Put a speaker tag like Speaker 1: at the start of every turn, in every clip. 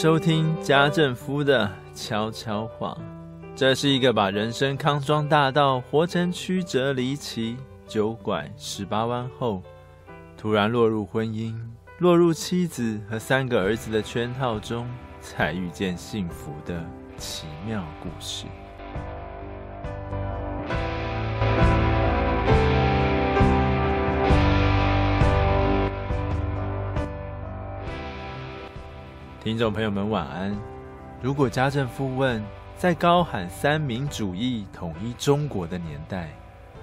Speaker 1: 收聽家政夫的悄悄話，這是一個把人生康莊大道活成曲折離奇九拐十八彎後，突然落入婚姻、落入妻子和三個兒子的圈套中，才遇見幸福的奇妙故事。聽眾朋友們，晚安。如果家政夫問，在高喊“三民主義統一中國”的年代，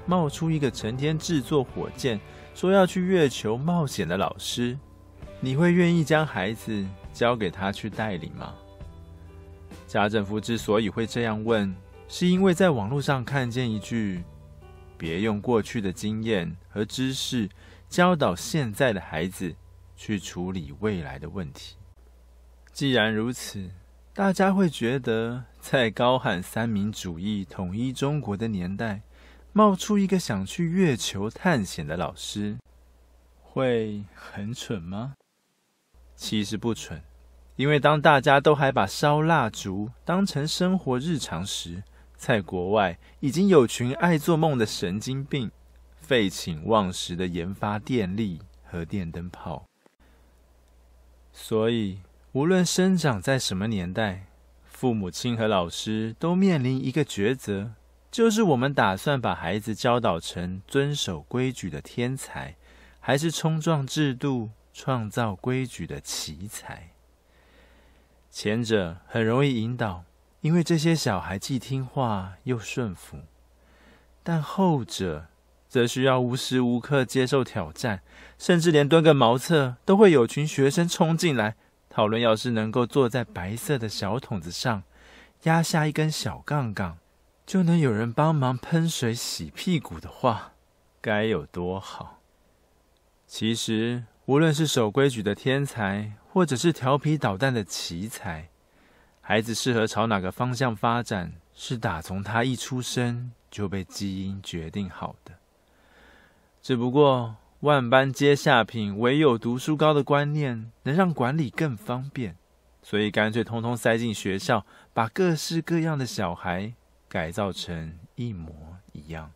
Speaker 1: 冒出一個成天制作火箭、說要去月球冒險的老師，你會願意將孩子交給他去帶領嗎？家政夫之所以會這樣問，是因為在網絡上看見一句：“別用過去的經驗和知識教導現在的孩子去處理未來的問題。”既然如此，大家會覺得在高喊三民主義、統一中國的年代，冒出一個想去月球探險的老師，會很蠢嗎？其實不蠢，因為當大家都還把燒蠟燭當成生活日常時，在國外已經有群愛做夢的神經病，廢寢忘食的研發電力和電燈泡。所以。無論生長在什麼年代，父母親和老師都面臨一個抉擇，就是我們打算把孩子教導成遵守規矩的天才，還是衝撞制度、創造規矩的奇才？前者很容易引導，因為這些小孩既聽話又順服，但後者則需要無時無刻接受挑戰，甚至連蹲個茅廁都會有群學生衝進來。討論要是能夠坐在白色的小桶子上壓下一根小槓槓，就能有人幫忙噴水洗屁股的話，該有多好！其實，無論是守規矩的天才，或者是調皮搗蛋的奇才，孩子適合朝哪個方向發展，是打從他一出生就被基因決定好的。只不過。萬般皆下品，唯有讀書高的觀念能讓管理更方便，所以乾脆通通塞進學校，把各式各樣的小孩改造成一模一樣。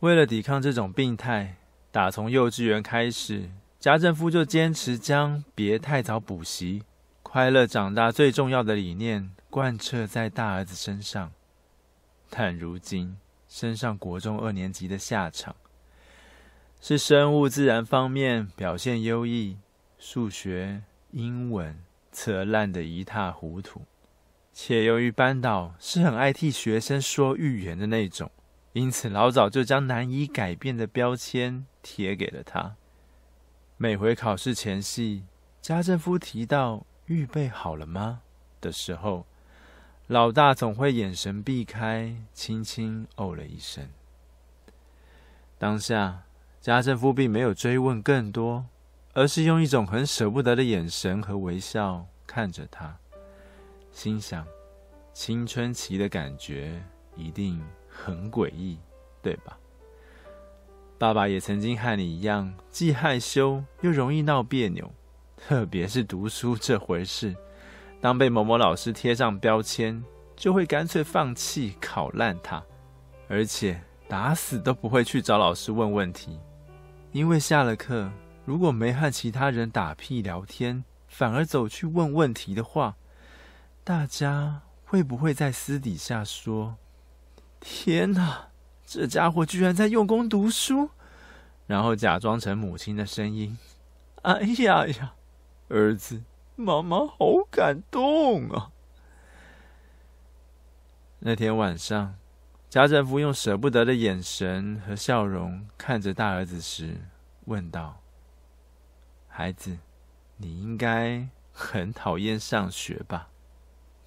Speaker 1: 為了抵抗這種病態，打從幼稚園開始，家政夫就堅持將“別太早補習，快樂長大”最重要的理念貫徹在大兒子身上。但如今，升上國中二年級的下場。是生物自然方面表現優異，數學、英文則爛得一塌糊塗。且由於班導是很愛替學生說預言的那種，因此老早就將難以改變的標籤貼給了他。每回考試前夕，家政夫提到“預備好了嗎”的時候，老大總會眼神避開，輕輕哦了一聲。當下。家政夫並沒有追問更多，而是用一種很捨不得的眼神和微笑看着他，心想：青春期的感覺一定很詭異，對吧？爸爸也曾經和你一樣，既害羞又容易鬧別扭，特別是讀書這回事，當被某某老師貼上標籤，就會乾脆放棄考爛他，而且打死都不會去找老師問問題。因為下了課，如果沒和其他人打屁聊天，反而走去問問題的話，大家會不會在私底下說：“天哪，這家伙居然在用功讀書？”然後假裝成母親的聲音：“哎呀呀，兒子，媽媽好感動啊。”那天晚上。家政夫用捨不得的眼神和笑容看着大兒子時，問道：“孩子，你應該很討厭上學吧？”“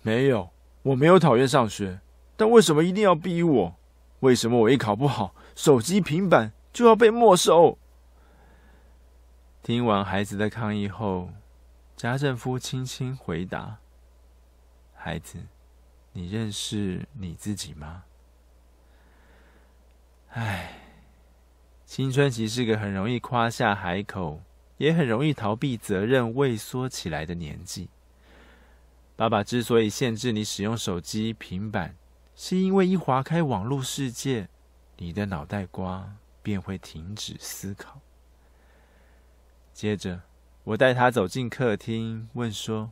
Speaker 1: 沒有，我沒有討厭上學，但為什麼一定要逼我？為什麼我一考不好，手機、平板就要被沒收？”聽完孩子的抗議後，家政夫輕輕回答：“孩子，你認識你自己嗎？”唉，青春期是個很容易誇下海口，也很容易逃避責任、畏縮起來的年紀。爸爸之所以限制你使用手機、平板，是因為一劃開網絡世界，你的腦袋瓜便會停止思考。接着，我帶他走進客廳，問說：“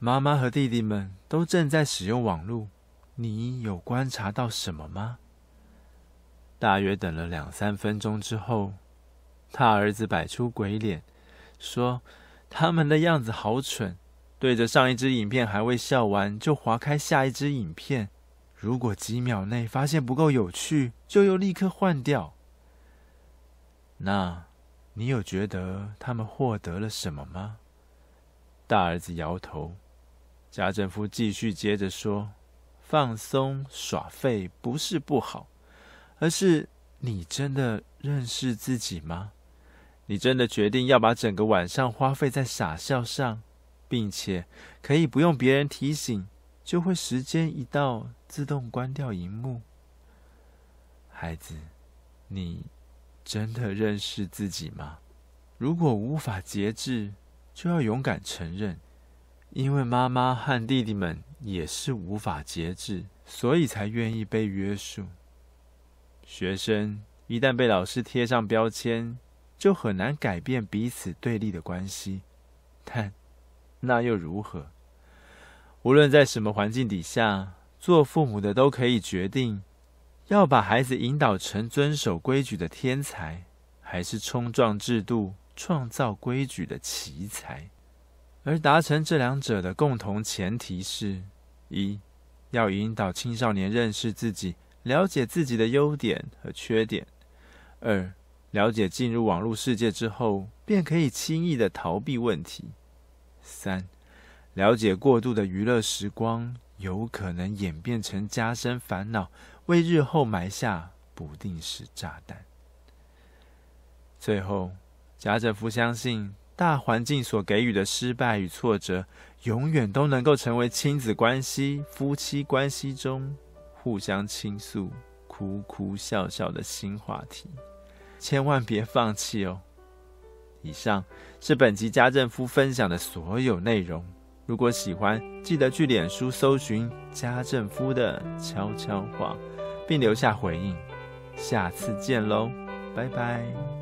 Speaker 1: 媽媽和弟弟們都正在使用網絡，你有觀察到什麼嗎？”大約等了兩三分鐘之後，大兒子擺出鬼臉，說：“他們的樣子好蠢。”對着上一支影片還未笑完，就劃開下一支影片。如果幾秒內發現不夠有趣，就又立刻換掉。那，你有覺得他們獲得了什麼嗎？大兒子搖頭。家政夫繼續接着說：“放鬆耍廢不是不好。”而是你真的認識自己嗎？你真的決定要把整個晚上花費在傻笑上，並且可以不用別人提醒，就會時間一到自動關掉熒幕？孩子，你真的認識自己嗎？如果無法節制，就要勇敢承認，因為媽媽和弟弟們也是無法節制，所以才願意被約束。學生一旦被老師貼上標籤，就很難改變彼此對立的關係。但那又如何？無論在什麼環境底下，做父母的都可以決定，要把孩子引導成遵守規矩的天才，還是衝撞制度、創造規矩的奇才。而達成這兩者的共同前提是一，要引導青少年認識自己。了解自己的優點和缺點。二、了解進入網絡世界之後，便可以輕易的逃避問題。三、了解過度的娛樂時光，有可能演變成加深煩惱，為日後埋下不定時炸彈。最後，賈者夫相信，大環境所給予的失敗與挫折，永遠都能夠成為親子關係、夫妻關係中。互相傾訴、哭哭笑笑的新話題，千萬別放棄哦！以上是本集家政夫分享的所有內容。如果喜歡，記得去臉書搜尋家政夫的悄悄話，並留下回應。下次見嘍，拜拜。